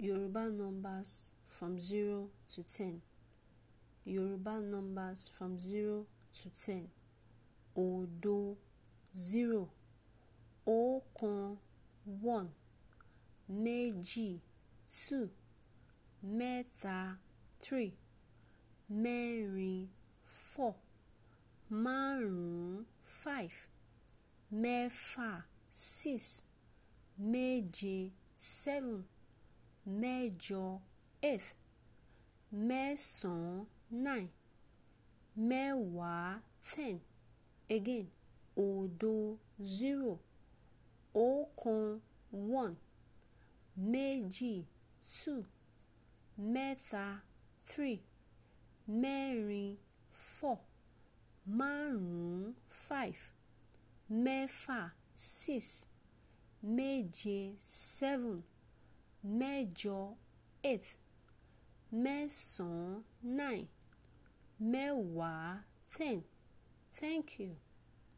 Yoruba numbers from 0 to 10. Yoruba numbers from 0 to 10. Odo 0. Ọ̀kan 1. Méjì 2. Meta 3. Mẹ́rin 4. Márùn-ún 5. Mẹ́fà 6. Méje 7 mẹ́jọ eight, mẹ́sàn nine, mẹ́wàá ten, again òdo zero, ọ̀kan one, méjì two, mẹ́ta three, mẹ́rin four, márùn five, mẹ́fà six, méje seven mẹ́jọ eight, mẹ́sàn nine, mẹ́wàá ten. Thank you.